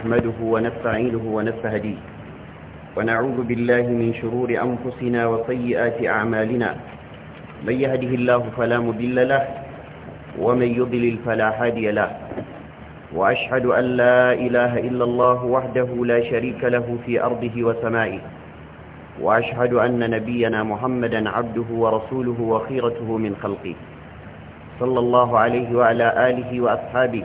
نحمده ونستعينه ونستهديه ونعوذ بالله من شرور أنفسنا وسيئات أعمالنا من يهده الله فلا مضل له ومن يضلل فلا هادي له وأشهد أن لا إله إلا الله وحده لا شريك له في أرضه وسمائه وأشهد أن نبينا محمدا عبده ورسوله وخيرته من خلقه صلى الله عليه وعلى آله وأصحابه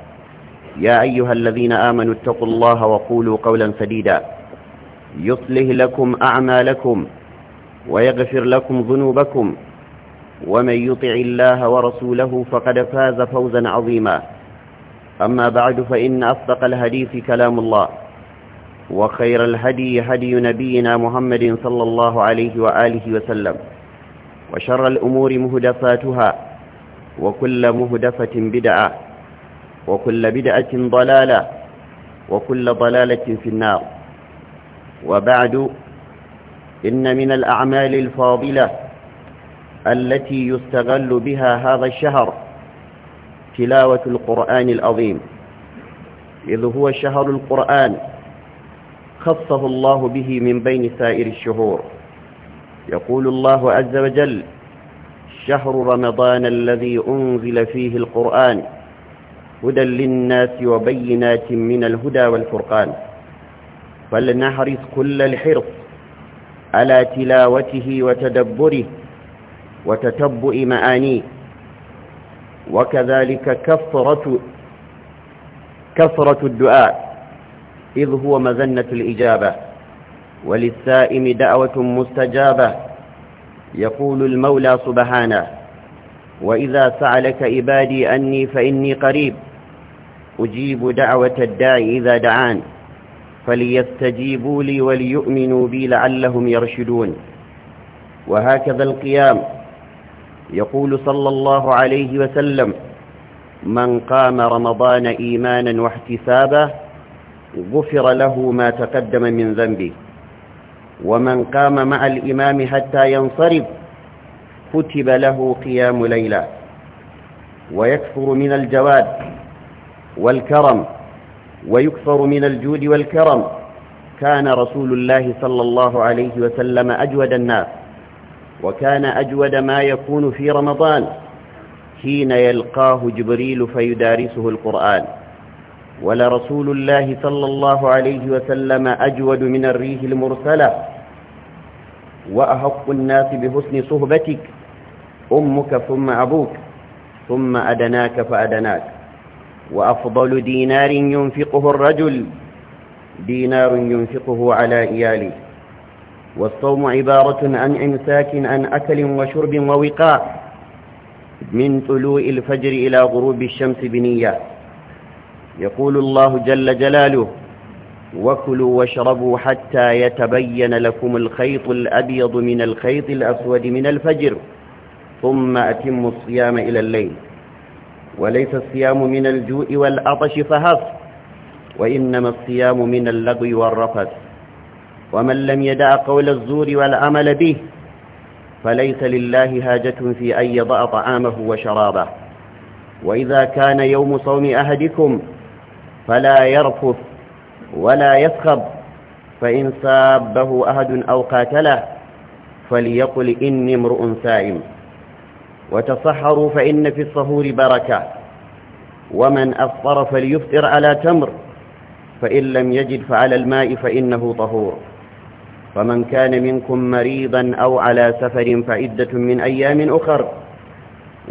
يا أيها الذين آمنوا اتقوا الله وقولوا قولا سديدا يصلح لكم أعمالكم ويغفر لكم ذنوبكم ومن يطع الله ورسوله فقد فاز فوزا عظيما أما بعد فإن أصدق الهديث كلام الله وخير الهدي هدي نبينا محمد صلى الله عليه وآله وسلم وشر الأمور مهدفاتها وكل مهدفة بدعة وكل بدعة ضلالة وكل ضلالة في النار وبعد إن من الأعمال الفاضلة التي يستغل بها هذا الشهر تلاوة القرآن العظيم إذ هو شهر القرآن خصه الله به من بين سائر الشهور يقول الله عز وجل شهر رمضان الذي أنزل فيه القرآن هدى للناس وبينات من الهدى والفرقان فلنحرص كل الحرص على تلاوته وتدبره وتتبع معانيه وكذلك كثرة كثرة الدعاء إذ هو مذنة الإجابة وللسائم دعوة مستجابة يقول المولى سبحانه وإذا سألك عبادي أني فإني قريب أجيب دعوة الداعي إذا دعان فليستجيبوا لي وليؤمنوا بي لعلهم يرشدون وهكذا القيام يقول صلى الله عليه وسلم من قام رمضان إيمانا واحتسابا غفر له ما تقدم من ذنبه ومن قام مع الإمام حتى ينصرف كتب له قيام ليلة ويكفر من الجواد والكرم ويكثر من الجود والكرم كان رسول الله صلى الله عليه وسلم أجود الناس وكان أجود ما يكون في رمضان حين يلقاه جبريل فيدارسه القرآن ولرسول الله صلى الله عليه وسلم أجود من الريح المرسلة وأحق الناس بحسن صهبتك أمك ثم أبوك ثم أدناك فأدناك وأفضل دينار ينفقه الرجل دينار ينفقه على إياله والصوم عبارة عن إمساك عن أكل وشرب ووقاء من طلوع الفجر إلى غروب الشمس بنية يقول الله جل جلاله وكلوا واشربوا حتى يتبين لكم الخيط الأبيض من الخيط الأسود من الفجر ثم أتموا الصيام إلى الليل وليس الصيام من الجوء والعطش فهف وإنما الصيام من اللغو والرفث ومن لم يدع قول الزور والعمل به فليس لله هاجة في أن يضع طعامه وشرابه وإذا كان يوم صوم أحدكم فلا يرفث ولا يسخب فإن سابه أحد أو قاتله فليقل إني امرؤ سائم وتصحروا فإن في الصهور بركة ومن أفطر فليفطر على تمر فإن لم يجد فعلى الماء فإنه طهور فمن كان منكم مريضا أو على سفر فعدة من أيام أخر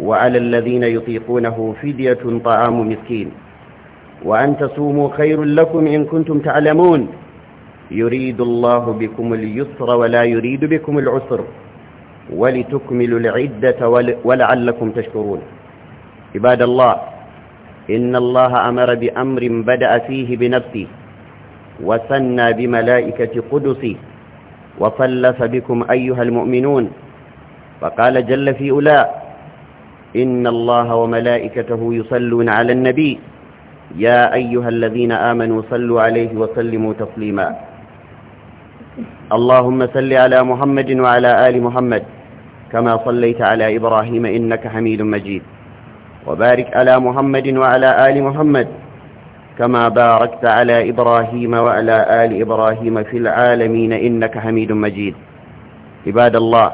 وعلى الذين يطيقونه فدية طعام مسكين وأن تصوموا خير لكم إن كنتم تعلمون يريد الله بكم اليسر ولا يريد بكم العسر ولتكملوا العدة ولعلكم تشكرون عباد الله إن الله أمر بأمر بدأ فيه بنفسه وثنى بملائكة قدسه وصلف بكم أيها المؤمنون فقال جل في أولاء إن الله وملائكته يصلون على النبي يا أيها الذين آمنوا صلوا عليه وسلموا تسليما اللهم صل على محمد وعلى آل محمد كما صليت على إبراهيم إنك حميد مجيد وبارك على محمد وعلى آل محمد كما باركت على إبراهيم وعلى آل إبراهيم في العالمين إنك حميد مجيد عباد الله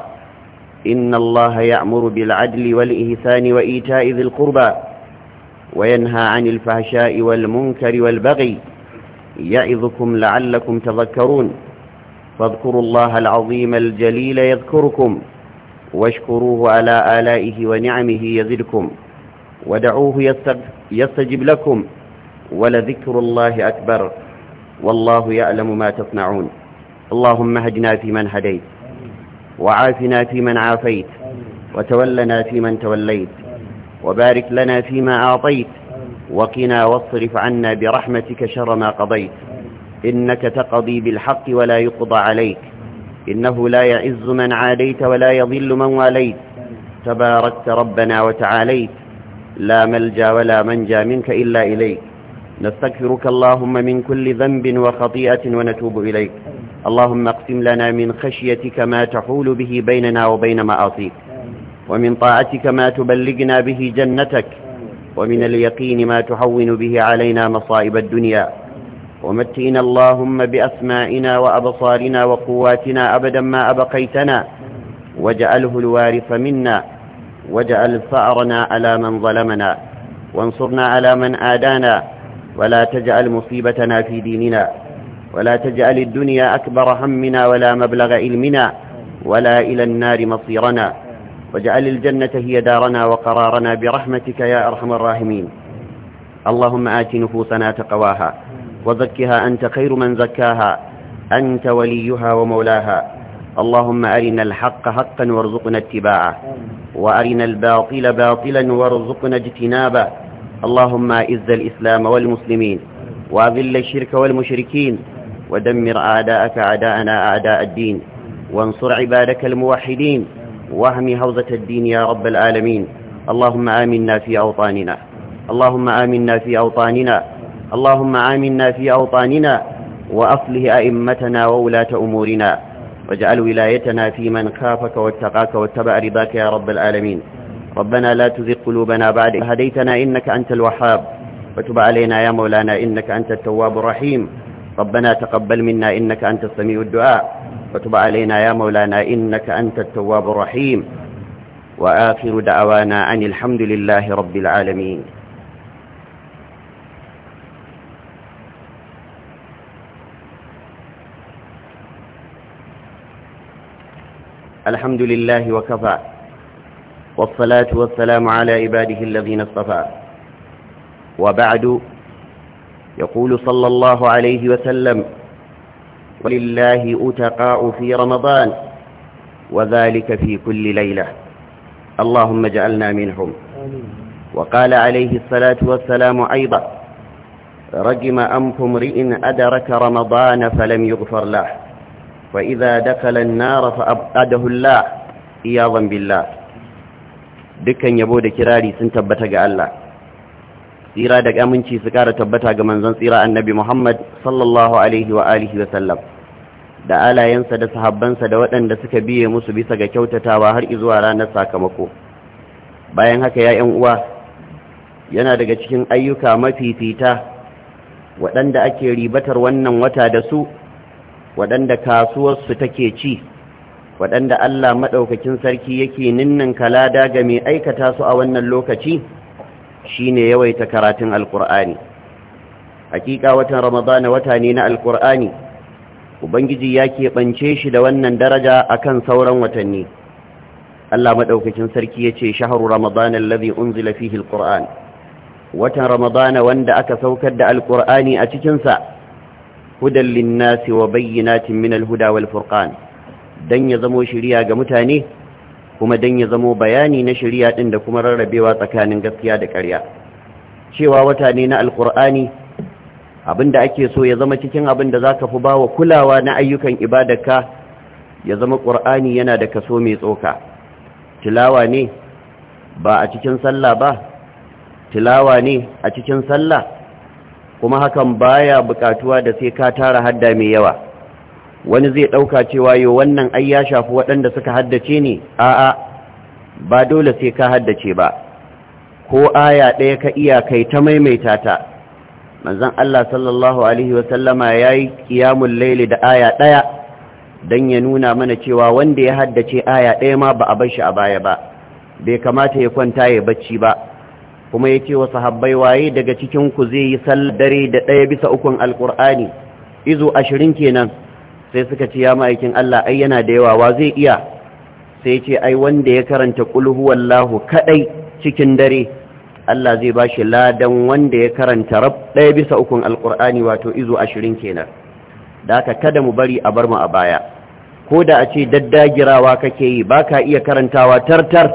إن الله يأمر بالعدل والإحسان وإيتاء ذي القربى وينهى عن الفحشاء والمنكر والبغي يعظكم لعلكم تذكرون فاذكروا الله العظيم الجليل يذكركم واشكروه على آلائه ونعمه يزدكم ودعوه يستجب لكم ولذكر الله أكبر والله يعلم ما تصنعون اللهم هدنا فيمن هديت وعافنا فيمن عافيت وتولنا فيمن توليت وبارك لنا فيما أعطيت وقنا واصرف عنا برحمتك شر ما قضيت إنك تقضي بالحق ولا يقضى عليك إنه لا يعز من عاديت ولا يضل من واليت تباركت ربنا وتعاليت لا ملجا ولا منجا منك إلا إليك نستغفرك اللهم من كل ذنب وخطيئة ونتوب إليك اللهم اقسم لنا من خشيتك ما تحول به بيننا وبين معاصيك ومن طاعتك ما تبلغنا به جنتك ومن اليقين ما تحون به علينا مصائب الدنيا ومتئنا اللهم بأسمائنا وأبصارنا وقواتنا أبدا ما أبقيتنا واجعله الوارث منا واجعل ثأرنا على من ظلمنا وانصرنا على من آدانا ولا تجعل مصيبتنا في ديننا ولا تجعل الدنيا أكبر همنا ولا مبلغ علمنا ولا إلى النار مصيرنا واجعل الجنة هي دارنا وقرارنا برحمتك يا أرحم الراحمين اللهم آت نفوسنا تقواها وزكها أنت خير من زكاها أنت وليها ومولاها اللهم أرنا الحق حقا وارزقنا اتباعه وأرنا الباطل باطلا وارزقنا اجتنابه اللهم أعز الإسلام والمسلمين وأذل الشرك والمشركين ودمر أعداءك أعداءنا أعداء الدين وانصر عبادك الموحدين واهم هوزة الدين يا رب العالمين اللهم آمنا في أوطاننا اللهم آمنا في أوطاننا اللهم آمنا في أوطاننا وأصله أئمتنا وولاة أمورنا واجعل ولايتنا في من خافك واتقاك واتبع رضاك يا رب العالمين ربنا لا تزغ قلوبنا بعد إذ هديتنا إنك أنت الوهاب وتب علينا يا مولانا إنك أنت التواب الرحيم ربنا تقبل منا إنك أنت السميع الدعاء وتب علينا يا مولانا إنك أنت التواب الرحيم وآخر دعوانا أن الحمد لله رب العالمين الحمد لله وكفى والصلاة والسلام على عباده الذين اصطفى وبعد يقول صلى الله عليه وسلم ولله أتقاء في رمضان وذلك في كل ليلة اللهم اجعلنا منهم وقال عليه الصلاة والسلام أيضا رجم أنف امرئ أدرك رمضان فلم يغفر له فإذا دخل النار فأبقده الله إياظا billa. dukkan yabo da kirari sun tabbata ga Allah tsira da aminci su kara tabbata ga manzon tsira annabi Muhammad sallallahu alaihi wa alihi wa sallam da alayensa da sahabbansa da waɗanda suka biye musu bisa ga kyautatawa har zuwa ranar sakamako bayan haka ya ƴan uwa yana daga cikin ayyuka mafifita waɗanda ake ribatar wannan wata da su waɗanda kasuwarsu take ci waɗanda Allah maɗaukakin sarki yake ninnin kalada ga mai aikata su a wannan lokaci shine yawaita karatun alkur'ani hakika watan ramadana wata ne na alkur'ani ubangiji ya keɓance shi da wannan daraja akan sauran watanni Allah maɗaukakin sarki ya ce shaharu ramadana alladhi unzila fihi alkur'an watan ramadana wanda aka saukar da alkur'ani a cikinsa هدى للناس hudawar Fur'an. Dan ya zamo يزمو ga mutane, kuma dan ya zamo bayani na shari'a ɗin da kuma rarrabewa tsakanin gaskiya da ƙarya cewa wata ne na alkur'ani abinda ake so ya zama cikin abin da za ka fi bawa kulawa na ayyukan ibadarka ya zama ƙur'ani yana da kaso mai tsoka tilawa ne ba a cikin sallah ba tilawa ne a cikin sallah kuma hakan baya bukatuwa da sai ka tara hadda mai yawa wani zai dauka cewa yo wannan ai ya shafi waɗanda suka haddace ne a'a ba dole sai ka haddace ba ko aya ɗaya ka iya kai ta maimaita ta manzon Allah sallallahu alaihi wa sallama yayi qiyamul layli da aya ɗaya dan ya nuna mana cewa wanda ya haddace aya ɗaya ma ba a bar shi a baya ba bai kamata ya kwanta ya bacci ba kuma ya ce wa sahabbai waye daga cikin ku zai yi dare da ɗaya bisa ukun alkur'ani izo ashirin kenan sai suka ce ya ma'aikin Allah ai yana da yawa wa zai iya sai ce ai wanda ya karanta kulhu wallahu kaɗai cikin dare Allah zai ba shi ladan wanda ya karanta rab ɗaya bisa ukun alkur'ani wato izo ashirin kenan da kada mu bari a bar mu a baya ko da a ce daddagirawa kake yi ba ka iya karantawa tartar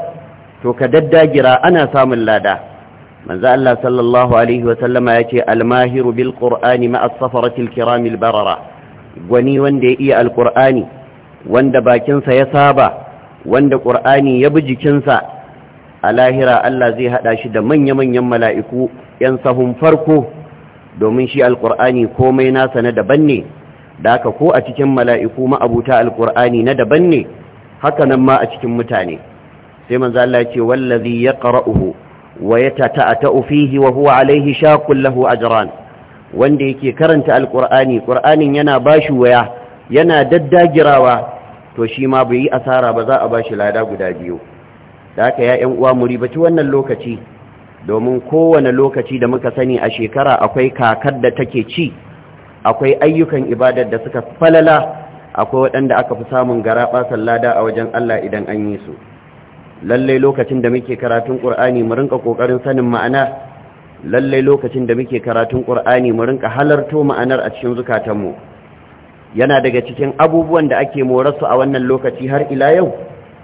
to ka daddagira ana samun lada manzo Allah sallallahu alaihi wa sallama yace almahiru mahiru bil qur'ani as-safarati barara gwani wanda ya iya al wanda bakinsa ya saba wanda qur'ani ya bi jikinsa a lahira Allah zai hada shi da manya-manyan mala'iku yan sahun farko domin shi al komai nasa na daban ne da haka ko a cikin mala'iku ma'abuta al na daban ne haka nan ma a cikin mutane sai manzo Allah ya ce wallazi yaqra'uhu ويتتأتأ فيه وهو عليه شاق a أجران wanda yake karanta alkur'ani ƙur'anin yana bashi waya yana daddagirawa to shi ma bai yi asara ba za a bashi lada guda biyu da haka ya 'yan uwa mu ribaci wannan lokaci domin kowane lokaci da muka sani a shekara akwai kakar da take ci akwai ayyukan ibadar da suka falala akwai waɗanda aka fi samun garaɓa lada a wajen Allah idan an yi su lallai lokacin da muke karatun qur'ani mu rinka kokarin sanin ma'ana lallai lokacin da muke karatun qur'ani mu rinka halarto ma'anar a cikin zukatanmu yana daga cikin abubuwan da ake morarsu a wannan lokaci har ila yau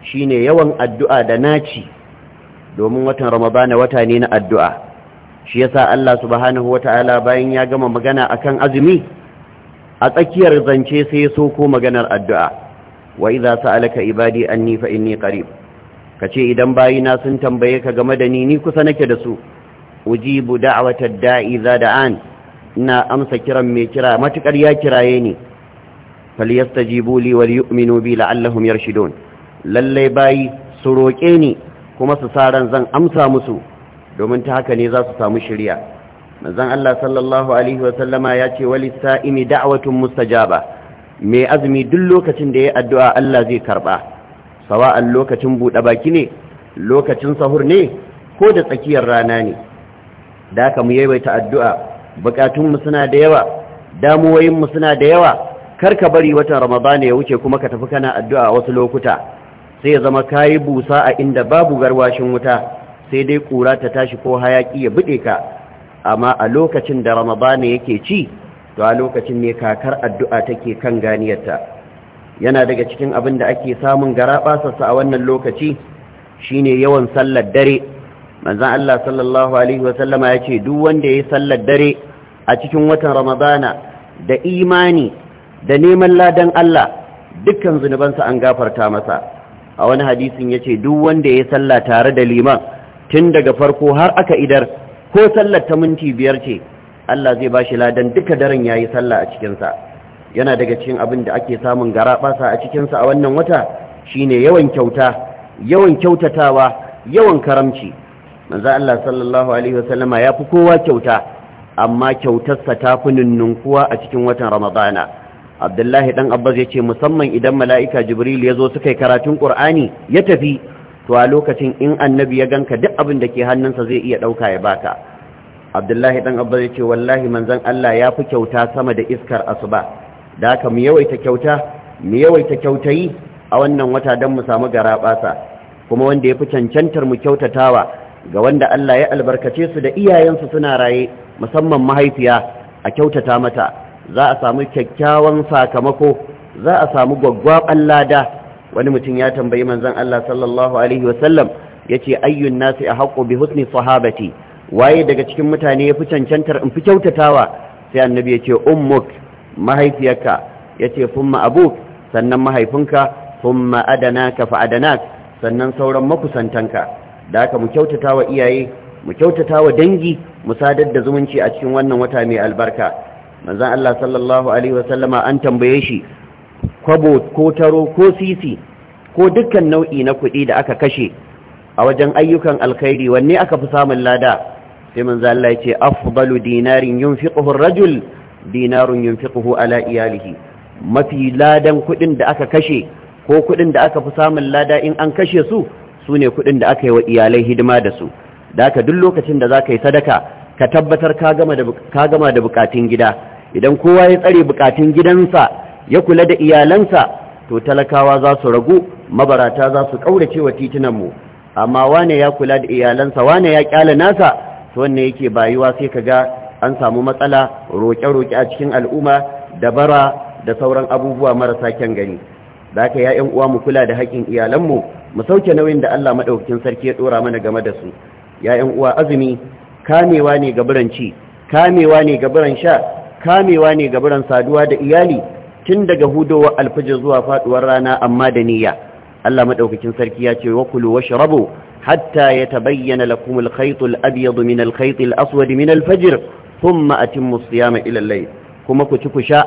shine yawan addu'a da naci domin watan ramadana wata ne na addu'a shi yasa Allah subhanahu wataala bayan ya gama magana akan azumi a tsakiyar zance sai so ko maganar addu'a wa idza sa'alaka ibadi anni fa inni qarib ka ce idan bayina sun tambaye ka game da ni ni kusa nake da su ujibu da'watad da'i za an. ina amsa kiran mai kira matukar ya kiraye ni falyastajibu li wal yu'minu bi la'allahum yarshidun lalle bayi su roke ni kuma su sa zan amsa musu domin ta haka ne za su samu shirya manzon Allah sallallahu alaihi wa sallama ya ce walis sa'imi da'watun mustajaba mai azumi duk lokacin da ya addu'a Allah zai karba sawa'an lokacin buɗe baki ne lokacin sahur ne ko da tsakiyar rana ne da aka mu yawaita addu'a bukatunmu suna da yawa mu suna da yawa kar ka bari watan ramadana ya wuce kuma ka tafi kana addu'a a wasu lokuta sai ya zama kayi busa a inda babu garwashin wuta sai dai ƙura ta tashi ko hayaƙi ya buɗe ka amma a lokacin da ramadana yake ci to a lokacin ne kakar addu'a take kan ganiyarta yana daga cikin abin da ake samun garaɓasarsa a wannan lokaci shine yawan sallar dare manzan Allah sallallahu alaihi wasallama ya ce duk wanda ya yi sallar dare a cikin watan ramadana da imani da neman ladan Allah dukkan zunubansa an gafarta masa a wani hadisin ya ce duk wanda ya yi sallah tare da liman tun daga farko har aka idar ko sallar ta minti biyar ce Allah zai ba shi ladan duka daren ya yi sallah a cikinsa yana daga cikin abin da ake samun garaɓasa a cikinsa a wannan wata shine yawan kyauta yawan kyautatawa yawan karamci manzo Allah sallallahu alaihi wasallama ya fi kowa kyauta amma kyautarsa ta fi nunnunkuwa a cikin watan ramadana abdullahi dan abbas ya ce musamman idan mala'ika jibril ya zo suka yi karatun qur'ani ya tafi to a lokacin in annabi ya ganka duk abin da ke hannunsa zai iya ɗauka ya baka abdullahi dan abbas ya ce wallahi manzon Allah ya fi kyauta sama da iskar asuba da aka mu yawaita kyauta mu yawaita yi a wannan wata don mu samu garaɓasa kuma wanda ya fi cancantar mu kyautatawa ga wanda Allah ya albarkace su da iyayensu suna raye musamman mahaifiya a kyautata mata za a samu kyakkyawan sakamako za a samu gwaggwaban lada wani mutum ya tambayi manzon Allah sallallahu alaihi wasallam yace ayyun nasi ahqqu bi husni sahabati waye daga cikin mutane ya fi cancantar in fi kyautatawa sai annabi ya ce ummuk mahaifiyarka ya yace funma abu!" sannan mahaifinka adana adanaka fa adana!" sannan sauran makusantanka da haka mu kyautata wa iyaye mu kyautata wa dangi mu sadar da zumunci a cikin wannan wata mai albarka manzan Allah sallallahu alaihi wasallama an tambaye shi kwabo ko taro ko sisi ko dukkan nau'i na kuɗi da aka kashe a wajen ayyukan alkhairi wanne aka fi samun lada sai manzan Allah ya ce afdalu dinarin yunfiquhu ar-rajul dinarun yunfiquhu ala iyalihi mafi ladan kuɗin da aka kashe ko kuɗin da aka fi samun lada in an kashe su sune ne kuɗin da aka yi wa iyalai hidima da su da aka duk lokacin da zaka yi sadaka ka tabbatar ka gama da bukatun gida idan kowa ya tsare bukatun gidansa ya kula da iyalansa to talakawa za su ragu mabarata za su ƙaurace wa mu amma wane ya kula da iyalansa wane ya ƙyala nasa to wanne yake bayuwa sai ka ga an samu matsala roƙe-roƙe a cikin al'umma da bara da sauran abubuwa marasa kyan gani da haka ya uwa mu kula da haƙƙin iyalanmu mu sauke nauyin da Allah maɗaukakin sarki ya ɗora mana game da su Ya'yan uwa azumi kamewa ne ga biran ci kamewa ne ga biran sha kamewa ne ga biran saduwa da iyali tun daga hudowa alfijir zuwa faɗuwar rana amma da niyya Allah maɗaukakin sarki ya ce wa kulu washrabu hatta yatabayyana lakum al-khayt al-abyad min al-khayt aswad min al thumma ma'atin siyama ila al kuma ku ci ku sha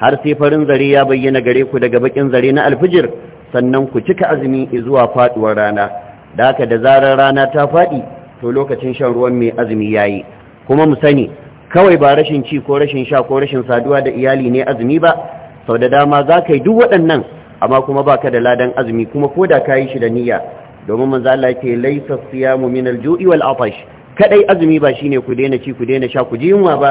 har sai farin zare ya bayyana gare ku daga bakin zare na alfijir sannan ku cika azumi zuwa faduwar rana da haka da zarar rana ta fadi to lokacin shan ruwan mai azumi yayi kuma mu sani kawai ba rashin ci ko rashin sha ko rashin saduwa da iyali ne azumi ba sau da dama za ka yi duk waɗannan amma kuma ba ka da ladan azumi kuma ko da ka yi shi da niyya domin manzo Allah yake laysa siyamu min al-ju'i wal-'atash kadai azumi ba shine ku daina ci ku daina sha ku ji yunwa ba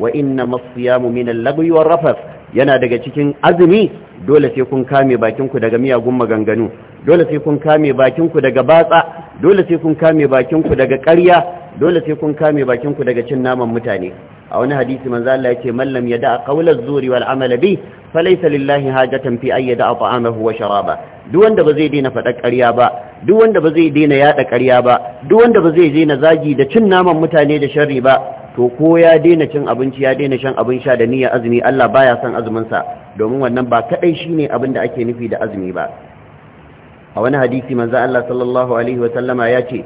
wa inna masiyamu min al-lagwi rafas yana daga cikin azumi dole sai kun kame bakin ku daga miyagun maganganu dole sai kun kame bakin ku daga batsa dole sai kun kame bakin ku daga ƙarya dole sai kun kame bakin ku daga cin naman mutane a wani hadisi manzo Allah yace man lam yada qawla zuri wal amala bi falaysa lillahi hajatan fi ayyada ta'amahu wa sharaba duk wanda ba zai daina faɗa ƙarya ba duk wanda ba zai daina yada ƙarya ba duk wanda ba zai daina zagi da cin naman mutane da sharri ba to ko ya daina cin abinci ya daina shan abin sha da niyyar azumi Allah baya son azumin sa domin wannan ba kadai shine abin da ake nufi da azumi ba a wani hadisi manzo Allah sallallahu alaihi wa sallama ya ce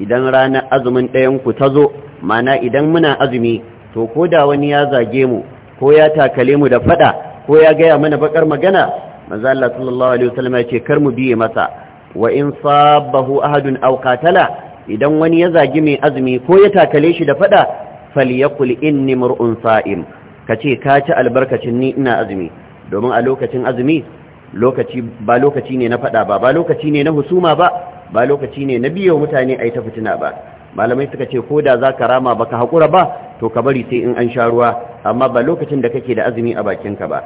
idan ranar azumin ɗayan ku ta zo mana idan muna azumi to ko da wani ya zage mu ko ya takale mu da fada ko ya gaya mana bakar magana manzo Allah sallallahu alaihi wa sallama ya ce kar mu biye masa wa in sabahu ahadun aw qatala idan wani ya zagi mai azumi ko ya takale shi da fada falyakul inni mar'un sa'im kace ka ci albarkacin ni ina azumi domin a lokacin azumi lokaci ba lokaci ne na fada ba ba lokaci ne na husuma ba ba lokaci ne na biyo mutane ai ta fitina ba malamai suka ce ko da za ka rama baka haƙura ba to ka bari sai in an sha ruwa amma ba lokacin da kake da azumi a bakinka ba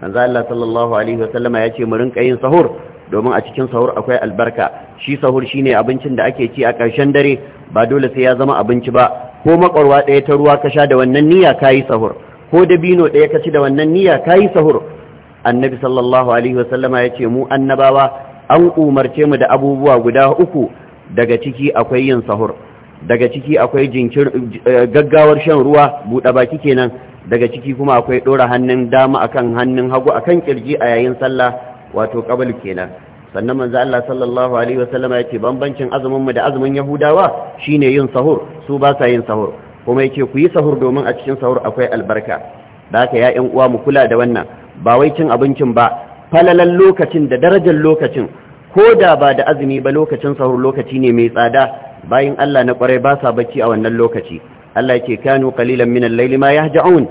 manzo Allah sallallahu alaihi wasallama ya ce mu rinka yin sahur domin a cikin sahur akwai albarka shi sahur shine abincin da ake ci a ƙarshen dare ba dole sai ya zama abinci ba ko makwarwa ɗaya ta ruwa ka sha da wannan niyya kayi sahur ko dabino ɗaya ka ci da wannan niyya kayi sahur annabi sallallahu alaihi wasallama ya ce mu annabawa an umarce mu da abubuwa guda uku daga ciki akwai yin sahur daga ciki akwai jinkir gaggawar shan ruwa Buɗa baki kenan daga ciki kuma akwai ɗora hannun dama akan hannun hagu akan kirji a yayin sallah wato qablu kenan sannan manzo Allah sallallahu alaihi wasallama yace bambancin azumin mu da azumin yahudawa shine yin sahur su ba sa yin sahur kuma yace ku yi sahur domin a cikin sahur akwai albarka da ya 'yan uwa mu kula da wannan ba wai cin abincin ba falalan lokacin da darajar lokacin ko da ba da azumi ba lokacin sahur lokaci ne mai tsada bayin Allah na kwarai ba sa bacci a wannan lokaci Allah yake kanu qalilan min al-layli ma yahja'un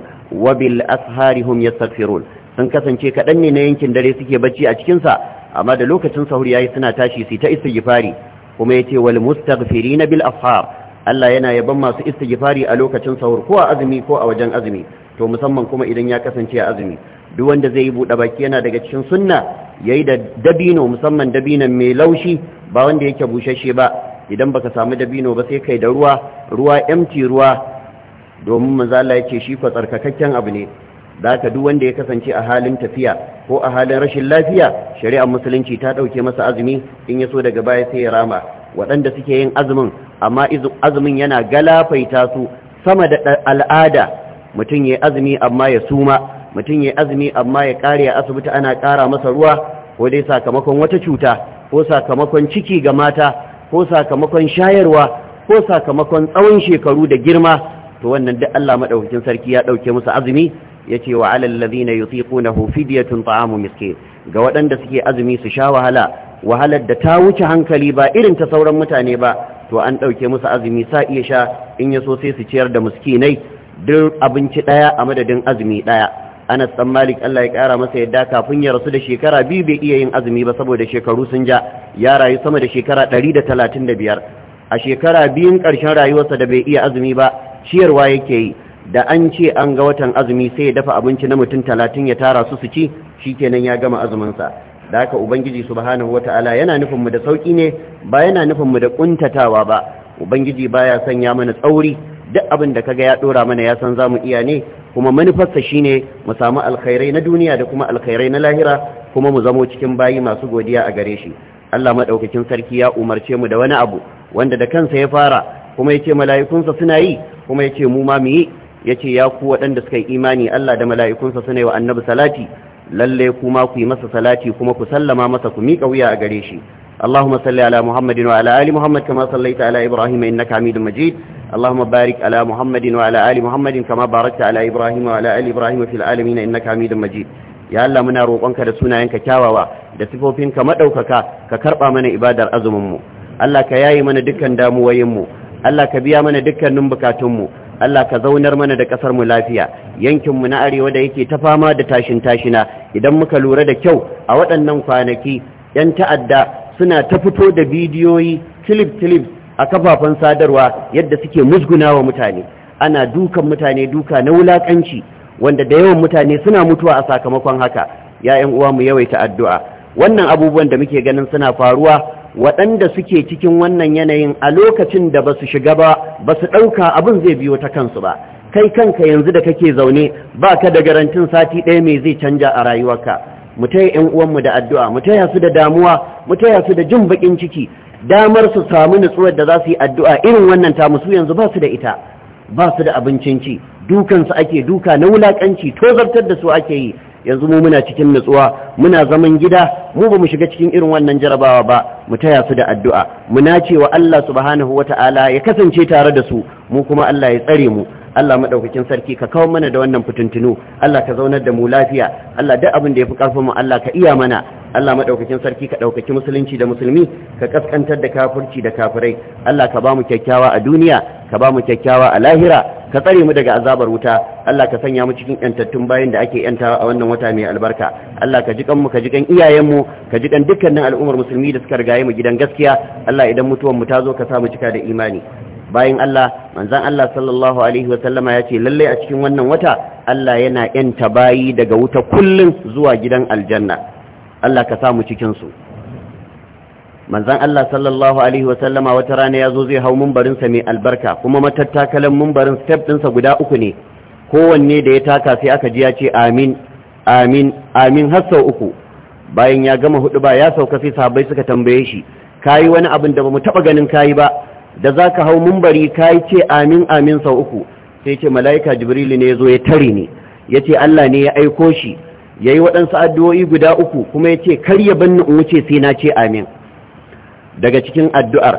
wa bil ashari hum yastaghfirun sun kasance kaɗan ne na yankin dare suke bacci a cikinsa amma da lokacin sahur yi suna tashi su ta istighfari kuma ya ce wal mustaghfirina bil ashar Allah yana yaban masu istighfari a lokacin sahur ko a azumi ko a wajen azumi to musamman kuma idan ya kasance a azumi duk wanda zai yi buɗe baki yana daga cikin sunna yayi da dabino musamman dabinon mai laushi ba wanda yake bushashe ba idan baka samu dabino ba sai kai da ruwa ruwa empty ruwa domin manzo Allah ce shi ko tsarkakakken abu ne da ka duk wanda ya kasance a halin tafiya ko a halin rashin lafiya shari'ar musulunci ta ɗauke masa azumi in ya so daga baya sai ya rama waɗanda suke yin azumin amma azumin yana galafaita su sama da al'ada mutum ya azumi amma ya suma mutum ya azumi amma ya ƙare a asibiti ana ƙara masa ruwa ko dai sakamakon wata cuta ko sakamakon ciki ga mata ko sakamakon shayarwa ko sakamakon tsawon shekaru da girma to wannan duk Allah madaukakin sarki ya ɗauke musu azumi yace wa alal ladina yutiqunahu fidyatun ta'amu miskin ga waɗanda suke azumi su sha wahala wahalar da ta wuce hankali ba irin ta sauran mutane ba to an ɗauke musu azumi sa iya sha in ya so sai su ciyar da muskinai duk abinci ɗaya a madadin azumi ɗaya anas dan malik Allah ya ƙara masa yadda kafin ya rasu da shekara biyu bai iya yin azumi ba saboda shekaru sun ja ya rayu sama da shekara ɗari da talatin da biyar a shekara biyun ƙarshen rayuwarsa da bai iya azumi ba ciyarwa yake yi da an ce an ga watan azumi sai ya dafa abinci na mutum talatin ya tara su su ci shi kenan ya gama azuminsa da haka ubangiji subhanahu wata'ala yana nufinmu da sauki ne ba yana nufinmu da ƙuntatawa ba ubangiji baya sanya mana tsauri duk abin da kaga ya dora mana ya san zamu iya ne kuma manufarsa shine mu samu alkhairai na duniya da kuma alkhairai na lahira kuma mu zamo cikin bayi masu godiya a gare shi Allah madaukakin sarki ya umarce mu da wani abu wanda da kansa ya fara kuma yace mala'ikunsa suna yi kuma yace mu ma mu yi Ya ce ya ku waɗanda suka yi imani Allah da mala'ikunsa suna yi wa annabi salati lalle kuma ku yi masa salati kuma ku sallama masa ku miƙa wuya a gare shi اللهم صل على محمد وعلى آل محمد كما صليت على إبراهيم إنك حميد مجيد اللهم بارك على محمد وعلى آل محمد كما باركت على إبراهيم وعلى آل إبراهيم في العالمين إنك حميد مجيد ya Allah muna roƙonka da sunayenka kyawawa da sifofinka madaukaka ka karɓa mana ibadar azumin mu Allah ka yayi mana dukkan damuwayin mu Allah ka biya mana dukkanin bukatun mu Allah ka zaunar mana da ƙasar mu lafiya yankin mu na arewa da yake ta fama da tashin tashina idan muka lura da kyau a waɗannan kwanaki yan ta'adda suna ta fito da bidiyoyi clip clip a kafafen sadarwa yadda suke musguna wa mutane ana dukan mutane duka na wulakanci wanda da yawan mutane suna mutuwa a sakamakon haka ya yan uwa mu yawaita addu'a wannan abubuwan da muke ganin suna faruwa waɗanda suke cikin wannan yanayin a lokacin da ba su shiga ba ba su ɗauka abin zai biyo ta kansu ba kai kanka yanzu da kake zaune ba ka da garantin sati ɗaya mai zai canja a rayuwarka mu taya 'yan uwanmu da addu'a mu taya su da damuwa mu taya su da jin baƙin ciki damar su samu nutsuwar da za su yi addu'a irin wannan ta musu yanzu ba su da ita ba su da abincin ci dukansu ake duka na wulaƙanci tozartar da su ake yi yanzu mu muna cikin nutsuwa muna zaman gida mu ba mu shiga cikin irin wannan jarabawa ba mu taya su da addu'a mu nace wa Allah subhanahu wata'ala ya kasance tare da su mu kuma Allah ya tsare mu Allah madaukakin sarki ka kawo mana da wannan fitintunu Allah ka zaunar da mu lafiya Allah duk abin da fi karfin mu Allah ka iya mana Allah maɗaukakin sarki ka ɗaukaki musulunci da musulmi ka kaskantar da kafirci da kafirai Allah ka bamu kyakkyawa a duniya ka bamu kyakkyawa a lahira ka tsare mu daga azabar wuta Allah ka sanya mu cikin yantattun bayan da ake yantawa a wannan wata mai albarka Allah ka jikan mu ka jikan iyayen mu ka jikan dukkanin al'ummar musulmi da suka rigaye mu gidan gaskiya Allah idan mutuwan mu ta zo ka sa mu cika da imani Bayan Allah manzon Allah sallallahu alaihi sallama ya ce lallai a cikin wannan wata Allah yana yanta bayi daga wuta kullum zuwa gidan aljanna Allah ka samu cikinsu manzan Allah sallallahu Alaihi wasallama wata rana ya zo zai hau mumbarinsa mai albarka kuma matattakalan mumbarin step ɗinsa guda uku ne kowanne da ya taka sai aka ji ya ce amin amin amin har sau uku bayan ya gama hudu ba ya sauka sai sahabbai suka tambaye shi kayi wani abin da bamu taba ganin kayi ba da zaka hau mumbari kayi ce amin amin sau uku sai ce mala'ika jibrilu ne ya zo ya tare Ya ce Allah ne ya aiko shi yayi waɗansu addu'o'i guda uku kuma ya ce kar ya banni in wuce sai na ce amin daga cikin addu'ar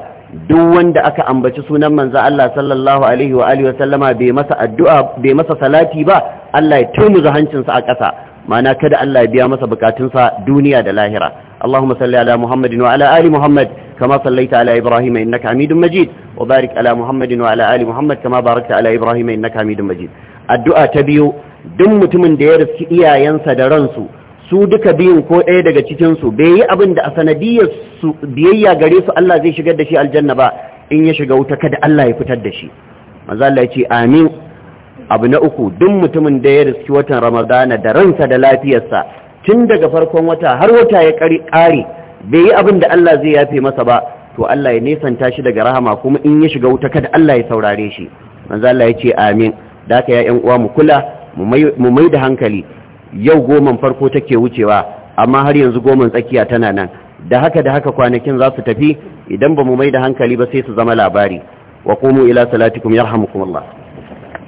duk wanda aka ambaci sunan manza Allah sallallahu alaihi wa alihi wa sallama bai masa salati ba Allah ya turmuza hancinsa a ƙasa ma'ana kada Allah ya biya masa bukatunsa duniya da lahira Allahumma salli ala Muhammadin wa ala ali Muhammad كما صليت على إبراهيم إنك حميد مجيد وبارك على محمد وعلى آل محمد كما باركت على إبراهيم إنك Majid, addu'a ta biyu. duk mutumin da ya riski iyayensa da ransu su duka biyun ko ɗaya daga cikinsu bai yi abin da a sanadiyar su biyayya gare su Allah zai shigar da shi aljanna ba in ya shiga wuta kada Allah ya fitar da shi Maza Allah ya ce amin abu na uku duk mutumin da ya riski watan ramadana da ransa da lafiyarsa tun daga farkon wata har wata ya ƙare bai yi abin da Allah zai yafe masa ba to Allah ya nesanta shi daga rahama kuma in ya shiga wuta kada Allah ya saurare shi manzo Allah ya ce amin da ka ya ƴan uwa mu kula mu mai da hankali yau goman farko take wucewa amma har yanzu goman tsakiya tana nan da haka da haka kwanakin za su tafi idan ba mu mai da hankali ba sai su zama labari wa qumu ila salatikum Allah.